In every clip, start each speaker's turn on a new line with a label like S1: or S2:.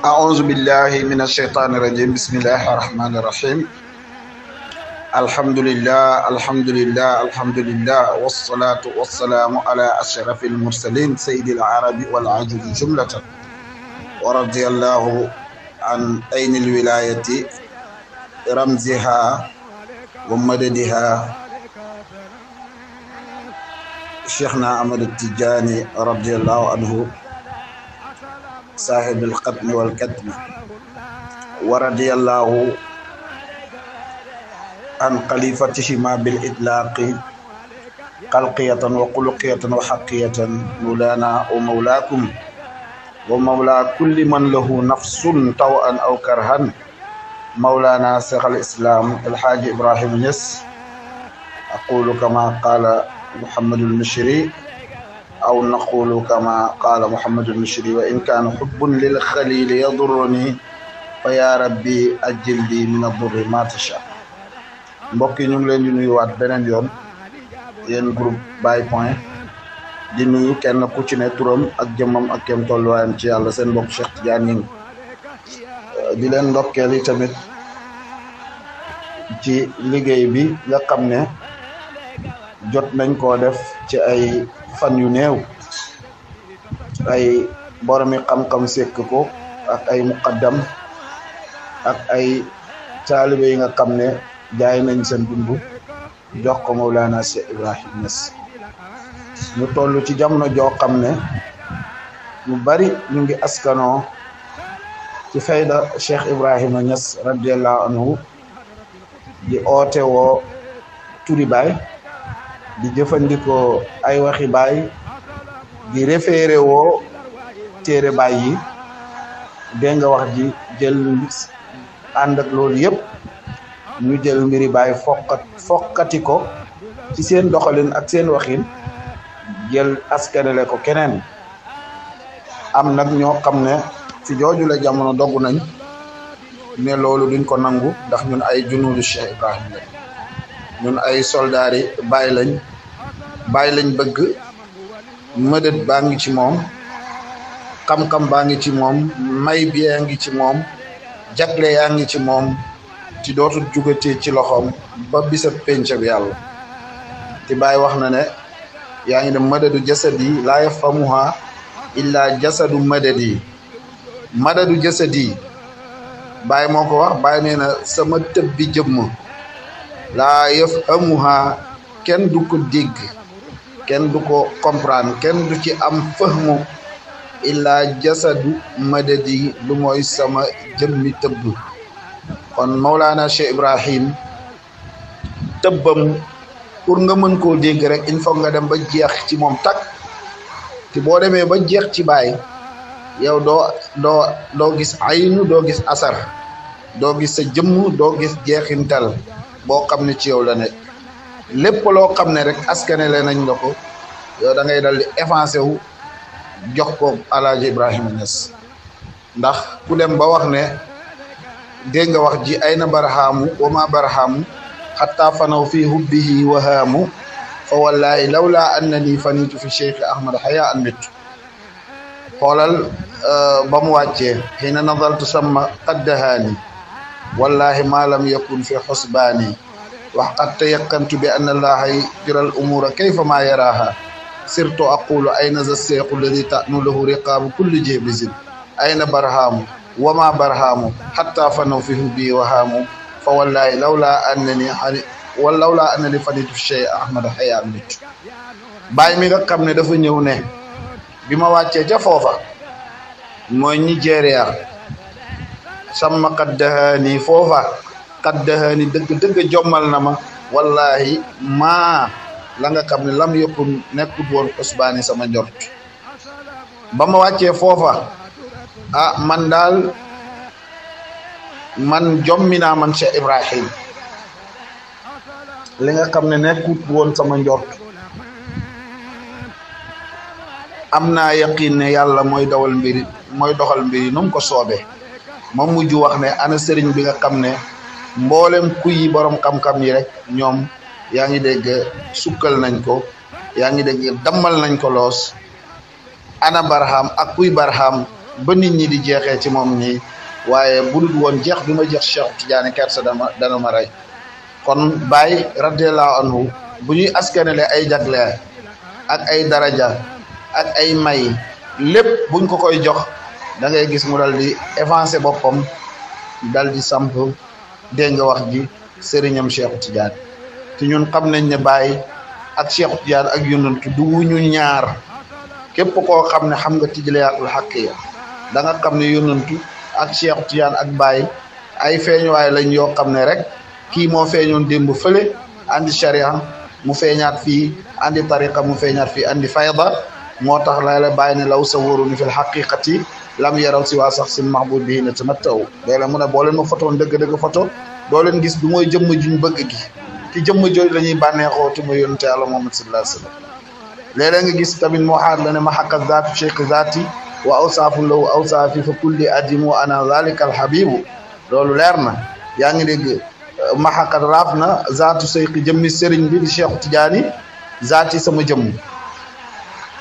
S1: أعوذ بالله من الشيطان الرجيم بسم الله الرحمن الرحيم الحمد لله الحمد لله الحمد لله والصلاة والسلام على أشرف المرسلين سيد العرب والعجل جملة ورضي الله عن أين الولاية رمزها ومددها شيخنا أحمد التجاني رضي الله عنه صاحب القتل والكتم ورضي الله عن خليفتهما بالإطلاق قلقية وقلقية وحقية مولانا ومولاكم ومولى كل من له نفس طوعا أو كرها مولانا شيخ الإسلام الحاج إبراهيم يس أقول كما قال محمد المشري أو نقول كما قال محمد المشري وإن كان حب للخليل يضرني فيا ربي أجل لي من الضر ما تشاء mbokk yi ñu ngi leen di nuyuwaat beneen yoon yéen groupe Baye Point di nuyu kenn ku ci ne turam ak jëmmam ak kem tolluwaayam ci yàlla seen mbokk Cheikh Tidiane Niang euh, di leen ndokkeel yi tamit ci liggéey bi nga xam ne jot nañ koo def ci ay fan yu néew ay boromi xam-xam sekk ko ak ay muqaddam ak ay taalibe yi nga xam ne jaay nañ seen dund jox ko Mawlana Cheikh Ibrahim Niass ñu toll ci jamono joo xam ne ñu bari ñu ngi askanoo ci fayda Cheikh Ibrahima Niass radiyallahu anhu di oote woo turi di jëfandikoo ay waxi baay di référé woo téere baay yi dégg wax ji jël ànd ak loolu yëpp ñu jël mbiri baay fokkat fokkati ko ci seen doxalin ak seen waxin jël askanele ko keneen am nag ñoo xam ne fi jooju la jamono dogg nañ ne loolu duñ ko nangu ndax ñun ay junuudu Cheikh Ibrahim ñun ay soldaar yi bàyyi lañ bàyyi lañ bëgg mëdët baa ngi ci moom xam-xam baa ngi ci moom may bi yaa ngi ci moom jagle yaa ngi ci moom ci dootul jugatee ci loxoom ba bisa péncab yàlla te Baay wax na ne yaa ngi ne madadu jasad yi laa yafhamuha illa jasadu madad yi madadu jasad yi Baay moo ko wax Baay nee na sama tëb bi jëmm la amuha, ken du ko deg ken du ko comprendre ken du ci am fahmu illa jasadu madadi lu moy sama jemi teub kon maulana cheikh ibrahim teubam pour nga mën ko deg rek il faut nga dem ba jeex ci mom tak ci bo demé ba jeex ci bay yow do do do gis aynu do gis asar dogis gis sa jëmm do gis jeexintal boo xam ne ci yow la nekk lépp loo xam ne rek askanele nañ la ko yow da ngay dal di effacé wu jox ko alaaji ibrahim ñes ndax ku dem ba wax ne dégg nga wax ji ay na barhaamu wa ma barhaamu xatta fanaw fi hubbihi wa haamu fa wallahi lawla annani fanitu fi cheikh ahmad haya an mit xoolal euh, ba mu wàccee xina nadaltu sama qaddahaani wallahi ma lam yakun fi xusbaani wax qad tayaqantu bi anna allaha yajra al ma yaraaha sirtu aqulu ayna za seequ alladi ta'muluhu riqaabu kulli jeebisin ayna barhaamu wa ma barhaamu hatta fanafihu bi wahaamu fa wallahi lawla annani wala lawla annani fanitu shay ahmad xaya mi nga xam ne dafa ñëw ne bi ma wàccee ca foofa mooy Nigéria sama qaddahani fofa qaddahani deug deug jomal nama wallahi ma la nga xamne lam yakun nekut won usbani sama jordi bama wacce fofa a ah, man dal man jommina man cheikh ibrahim li nga nekut won sama jordi amna yaqin ne yalla moy dawal mbiri moy doxal mbiri num ko sobe ma mujj wax ne ana sëriñ bi nga xam ne mboolem kuy yi borom xam-xam yi rek ñoom yaa ngi dégg sukkal nañ ko yaa ngi dégg dammal nañ ko loos ana baraham ak kuy baraham ba nit ñi di jeexee ci moom nii waaye bu woon jeex bi ma jeex Cheikh Tidiane kersa dama dana ma rey kon Baye radiyallahu anhu bu ñuy askanele ay jagle ak ay daraja ak ay may lépp buñ ko koy jox da ngay gis mu daldi di bopam daldi di samp dégg nga wax ji serignam cheikh Tidiane ci ñun xam nañ ne bay ak cheikh Tidiane ak yonent du wuñu ñaar kep ko xam ne xam nga tijliyaatul xàq ya da nga xam ne ak cheikh Tidiane ak bay ay way lañ yo xam rek ki mo feñon demb fele andi sharia mu feñat fi andi tariqa mu feñat fi andi fayda moo tax lay la bàyyi ne law sawaru ni fil xaqiqati lam yaraw si waa sax sin mahbub bii ne tama taw léeg-léeg mu ne boo leen ma photoon dëgg-dëgg foto doo leen gis du mooy jëmm juñ bëgg gi ki jëmm jooju la ñuy bànneexoo tu mooy yonente yàlla Muhammad sallallahu alayhi wa sallam léeg-léeg nga gis tamit moo xaar la ne ma xaqa zaatu cheikh zaati wa awsaafu law awsaafi fa kulli adimu ana zalika alhabibu loolu leer na yaa ngi dégg ma xaqa raaf na zaatu cheikh jëmmi sëriñ bi di cheikh Tidiane zaati sama jëmm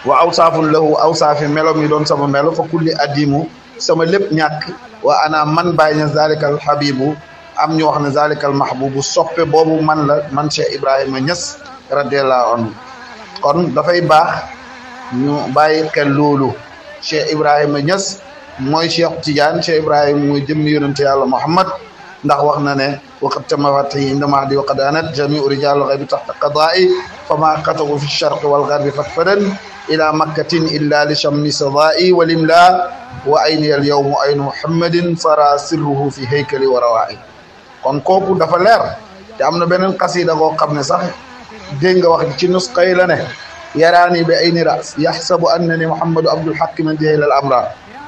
S1: wa awsaafun lahu awsaafi melom yi doon sama melo fa kulli addimu sama lépp ñàkk wa ana man bàyyi na zalikal habibu am ñu wax ne zalikal mahbubu soppe boobu man la man Cheikh Ibrahima Niass radiallahu kon dafay baax ñu bàyyi xel loolu Cheikh Ibrahima Niass mooy Cheikh Tidiane Cheikh Ibrahima mooy jëmmi yonente yàlla Muhammad ndax wax na ne waqad tamawati inda mahdi wa qad anat jamiu rijalu xaybi taxta qadaa'i fa ma qatawu fi sharqi wal garbi fatfadan ila makkatin illa li chammi sadai walimla wa ayni al yawmu aynu muhammadin sara sirruhu fi haykali wa rawaai kon kooku dafa leer te am na beneen xasida goo xam ne sax dégg nga wax ci nusxa yi la ne yaraani bi ayni ras yaxsabu annani muhammadu abdul xaqi man jahila al amra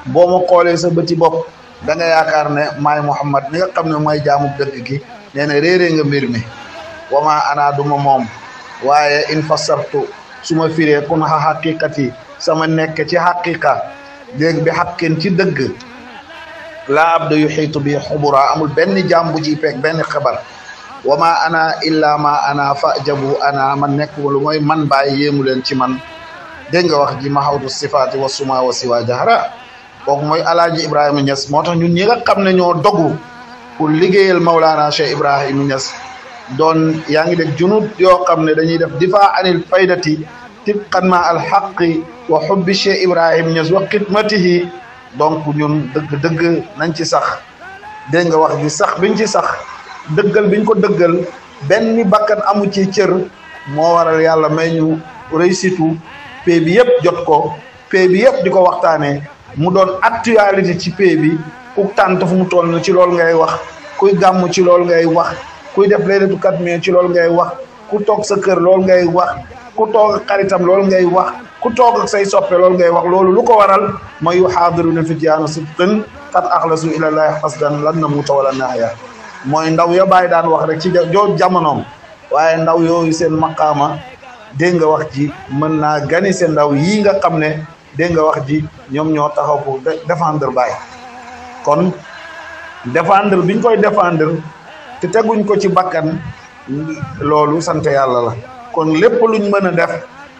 S1: boo ma xoolee sa bëti bopp da nga yaakaar ne maay muhammad mi nga xam ne mooy jaamu dëgg gi nee na réeree nga mbir mi wa ma ana duma moom waaye in fasartu su ma firee kun xa xaqiqati sama nekk ci xaqiqa dégg bi xaqin ci dëgg laa abdu yu xiitu bi xubura amul benn jàmbu ci peeg benn xabar wa ma ana illa ma ana fa jabu ana man nekk lu mooy man bàyyi yéemu leen ci man dégg nga wax ji ma xawtu sifaati wa suma wa siwa jahara kooku mooy alaaji ibrahima ñes moo tax ñu ñi nga xam ne ñoo dogu pour liggéeyal maulana cheikh ibrahima ñes doon yaa ngi dégg junut yoo xam ne dañuy def difaa anil faydati tibqan ma al xaqi wa xubbi Cheikh Ibrahim Niass wa xidmatihi donc ñun dëgg dëgg nañ ci sax dégg nga wax gi sax biñ ci sax dëggal biñ ko dëggal benn bakkan amu ci cër moo waral yàlla may ñu réussite pay bi yëpp jot ko pay bi yëpp di ko waxtaanee mu doon actualité ci pay bi ku tànt fu mu toll na ci loolu ngay wax kuy gàmm ci loolu ngay wax kuy def lay du kat mais ci kutok ngay wax ku tok sa keur loolu ngay wax ku tok xaritam loolu ngay wax ku tok ak say soppe loolu ngay wax loolu luko waral waral ma fi fityaana sidqin qad akhlasu ila allah hasdan lan namuta wala nahya moy ndaw yo ya bay. daan wax rek ci joo jamonoom waaye ndaw yooyu sen maqama de nga wax ji man na gani sen ndaw yi nga xamne de nga wax ji ñom ño taxaw ko defendre bay kon défendre biñ koy défendre te teguñ ko ci bakkan loolu sante yàlla la kon lépp luñ mën a def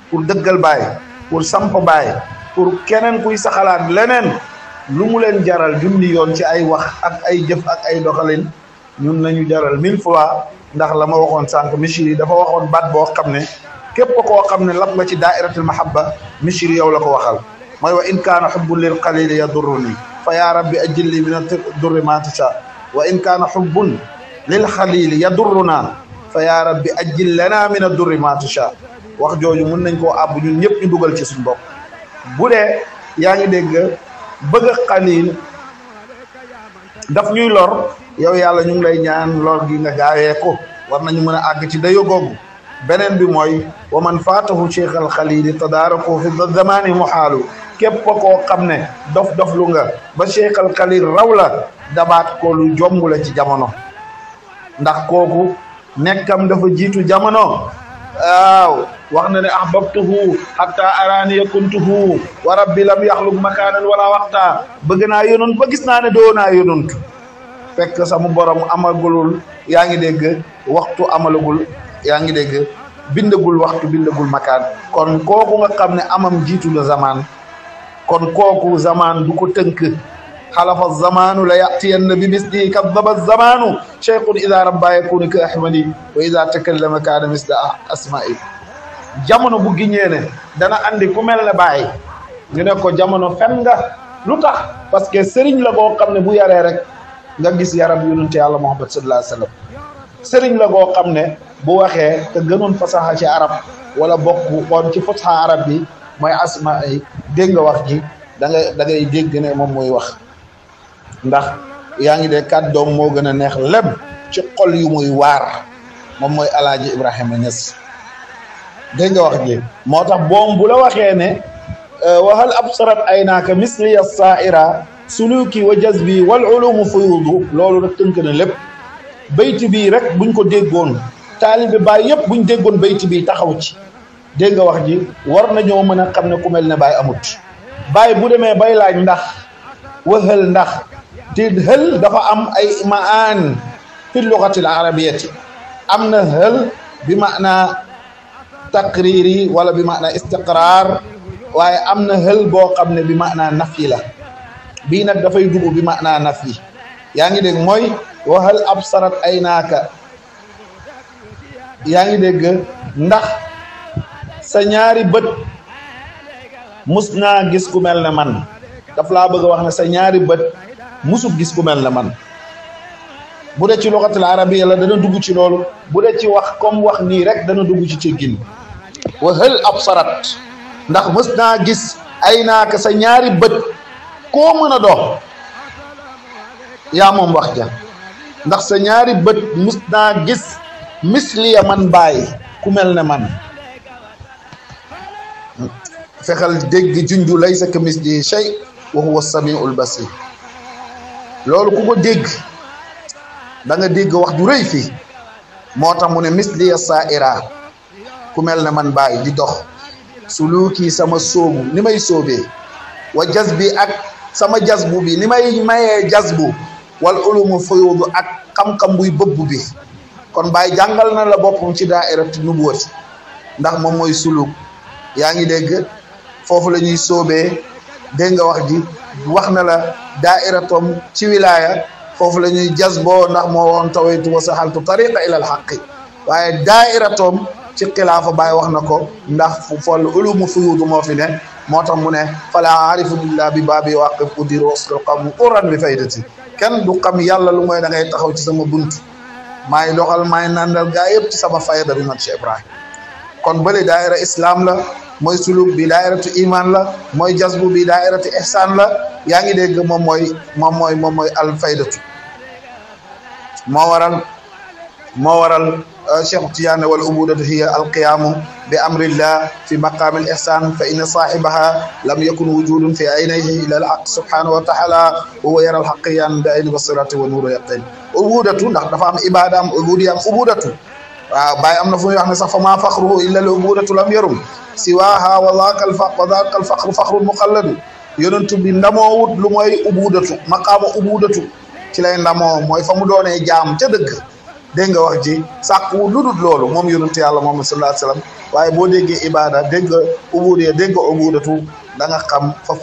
S1: pour dëggal baay pour samp baay pour keneen kuy saxalaat leneen lu mu leen jaral junni yoon ci ay wax ak ay jëf ak ay doxalin ñun lañu jaral mille fois ndax la ma waxoon sànq Misri dafa waxoon baat boo xam ne képp ko koo xam ne lab nga ci daairatul mahabba Misri yow la ko waxal mooy wa in kaana xubbun lil qalili yadurruni fa ya rabbi ajilli min ad-durri ma tasha wa in kaana للخليل يضرنا فيا ربي اجل لنا من الضر ما تشاء واخ جوجو من نكو اب ني نيب ني دوغال سي سون بوك بودي ياغي دغ بغا خليل داف نيو لور ياو يالا نيو لاي نيان لور جي نغا جايكو وارنا نيو مانا اغ سي دايو غوغ بنين بي موي ومن فاته شيخ الخليل تداركو في الزمان محال كيب كوكو خامني دوف دوف لوغا با شيخ الخليل راولا دبات كو لو جوم لا سي جامونو ndax kooku nekkam dafa jiitu jamono waaw wax na ne ahbabtuhu hatta araaniya kuntuhu wa rabbi lam yaxluq wala waxta bëgg naa yonent ba gis naa ne doo naa yonent fekk sama borom amagulul yaa ngi dégg waxtu amalagul yaa ngi dégg bindagul waxtu bindagul makan kon kooku nga xam ne amam jiitu la kon kooku zamaan du ko tënk xalafa zamaanu la yatiyanna bi mislihi kadaba zamaanu cheikhun ida rabba yakunu ka ahmadi wa ida takallama kaana misla asma'i jamono bu giñee dana andi ku mel ne bàyyi ñu ne ko jamono fen nga lu tax parce que sëriñ la boo xam ne bu yaree rek nga gis yaram yonente yàlla muhammad sallallahu alayhi wa sallam sëriñ la boo xam ne bu waxee te gënoon fasaxa ci arab wala bokk woon ci fasaxa arab bi mooy asma yi dégg nga wax ji da ngay da ngay ne moom mooy wax ndax yaa ngi de dee doom moo gën a neex leb ci xol yu muy waar moom mooy alaaji Ibrahima Niass dégg nga wax ji moo tax boom bu la waxee ne euh, waxal ay absarat aynaaka misliya saaira suluki wa jazbi wal ulumu fuyudu loolu rek tënk na lépp bayti bii rek buñ ko déggoon taalibe baay yëpp buñ déggoon bayti bii taxaw ci dégg nga wax ji war nañoo mën a xam ne ku mel ne baay amut baay bu demee bay laaj ndax wëhal ndax te hël dafa am ay maan fi arabiyati am na hël bi maana taqriri wala bi maana istiqraar waaye am na hël boo xam ne bi maana nafi la bii nag dafay dubu bi maana nafi yaa ngi dégg mooy wa hal absarat ay naaka yaa ngi dégg ndax sa ñaari bët mus naa gis ku mel ne man daf laa bëgg a wax ne sa ñaari bët musul gis ku mel na man bu dee ci loxatul arabiya la dana dugg ci loolu bu dee ci wax comme wax nii rek dana dugg ci teggin wa ab absarat ndax mës naa gis ay naaka sa ñaari bët koo mën a dox yaa moom wax ja ndax sa ñaari bët mës naa gis misliya man bàyyi ku mel ne man fexal dégg junju laysa ka mislihi shay wa huwa samiul basir lol ku ko dégg da nga deg wax du reuy fi moo tax mu ne misliya saaira ku mel man bay di dox suluki sama sobu, ni may wajasbi wa jazbi ak sama jazbu bi ni may jazbu wal ulum fuyud ak kamkambui kam buy bebbu bi kon bay jangal na la bopum ci daairati nubuwati ndax mom moy suluk yaangi deg fofu lañuy sobe nga wax di wax na la daairatom ci wilaaya foofu la ñuy jazboo ndax moo woon tawaytu wa saxaltu tariqa ila al xaqi waaye daairatom ci xilaafa baay wax na ko ndax fu fol ulumu suyuudu moo fi ne moo tax mu ne falaa aarifu illa bi baabi waqif udiru wasl qawmu quran bi faydati kenn du kam yàlla lu mooy da ngay taxaw ci sama bunt maay doxal maay nandal gaa yëpp ci sama fayda bi man Cheikh Ibrahim kon bële daaira islam la mooy suluk bi daairatu iman la mooy jasbu bi daairatu ihsan la yaa ngi dégg moom mooy moom mooy moom mooy alfaydatu moo waral moo waral cheikh tiyaane wal ubudatu hiya alqiyaamu bi amrillah fi maqaami al ihsan fa inna saahibaha lam yakun wujudun fi aynayhi ila al haq subhanahu wa taala huwa yara alhaqiyan bi ayni basirati wa nuru yaqin ubudatu ndax dafa am ibada am ubudi am ubudatu waaw bàyyi am na fu muy wax ne sax fa maa faxruhu illa loo buuratu lam yarum si waaha walaakal fa walaakal faxru faxru muqalladu yonentu bi ndamoowut lu mooy ubuudatu maqaama ubuudatu ci lay ndamoo mooy fa mu doonee jaam ca dëgg dégg nga wax ji sàkku lu dul loolu moom yonentu yàlla moom sallallahu alayhi wa sallam waaye boo déggee ibaada dégg nga ubuudiya dégg nga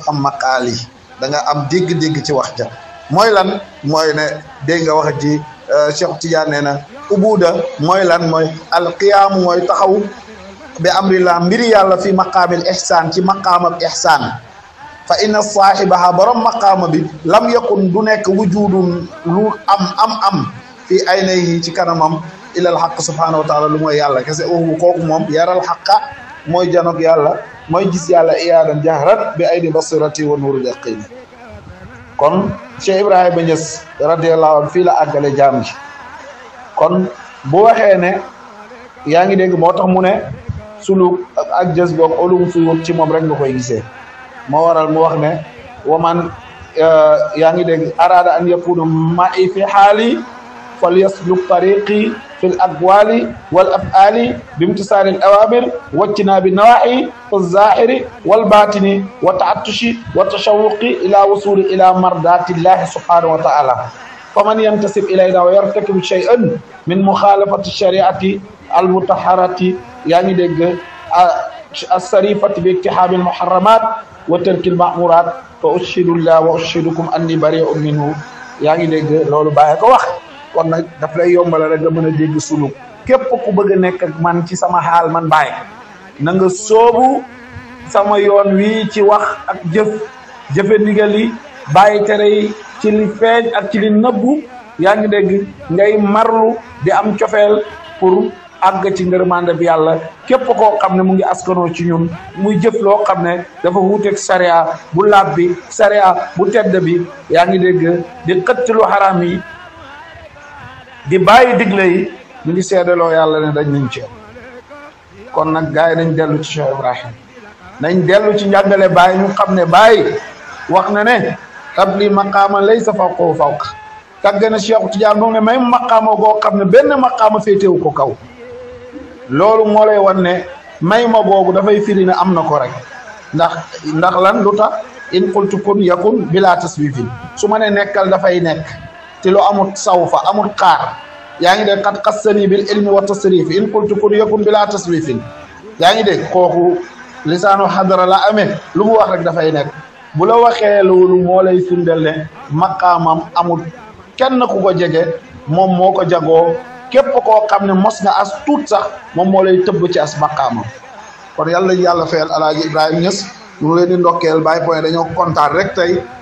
S1: am maqaali da nga am dégg-dégg ci wax ja mooy lan mooy ne dégg nga wax ji Euh, Cheikh Tidiane nee na ubuda mooy lan mooy alqiyaamu mooy taxaw bi amrillah mbiri yàlla fi maqaamil ihsaan ci maqaamab ihsaan fa inna saaxibaha borom maqaama bi lam yakun du nekk wujudun lu am am am fii aynayhi ci kanamam ilal xaq subhaanahu wa taala lu mooy yàlla kese uhu kooku moom yaral xaqa mooy janoog yàlla mooy gis yàlla iyaadan jahran bi ayni basirati wa nuuril yaqiini kon Cheikh Ibrahima Niass radiyallahu anhu fii la àggale jaam gi kon bu waxee ne yaa ngi dégg moo tax mu ne suluk ak jës boog olum suyut ci moom rek nga koy gisee moo waral mu wax ne waman yaa ngi dégg araada an yakuna ma'i fi xaali فليسلك طريقي في الأقوال والأفعال بامتثال الأوامر واجتناب النواحي في الظاهر والباطن والتعطش والتشوق إلى وصول إلى مرضات الله سبحانه وتعالى فمن ينتسب إلينا ويرتكب شيئا من مخالفة الشريعة المطهرة يعني دق آه، الصريفة باقتحام المحرمات وترك المأمورات فأشهد الله وأشهدكم أني بريء منه يعني دق لولو باهي كو kon nag daf lay yombala rek nga mën a dégg sunu képp ku bëgg a nekk ak man ci sama xaal man bàyyi na nga soobu sama yoon wi ci wax ak jëf jëfe ndigal yi bàyyi tere yi ci li feeñ ak ci li nëbbu yaa ngi dégg ngay marlu di am cofeel pour àgg ci ngërmande bi yàlla képp koo xam ne mu ngi askanoo ci ñun muy jëf loo xam ne dafa wuuteeg sariya bu laab bi sariya bu tedd bi yaa ngi dégg di xëtt lu xaraam yi di bàyyi digle yi ñu ngi seedaloo yàlla ne dañ nañ ci kon nag gars yi nañ dellu ci Cheikh Ibrahim nañ dellu ci njàngale bàyyi ñu xam ne bàyyi wax na ne tabli maqaama lay fawqahu fawq tàgg na Cheikh Tidiane moom ne may maqaama goo xam ne benn maqaama féetewu ko kaw loolu moo lay wan ne may googu dafay firi am na ko rek ndax ndax lan lu tax in qultu kun yakun bila taswifin su ma ne nekkal dafay nekk te lu amul sawfa amul xaar yaa ngi dégg xat xassani bil ilmi wa tasrifi in qultu kun yakun bila taswifin yaa ngi dégg kooku lisaanu xadara la amee lu mu wax rek dafay nekk bu la waxee lu moo lay firndeel ne maqaamam amul kenn ku ko jege moom moo ko jagoo képp koo xam ne mos nga as tuut sax moom moo lay tëbb ci as maqaamam kon yàlla yàlla fayal alaaji Ibrahima Niass ñu ngi leen di ndokkeel Baye Point dañoo kontaan rek tey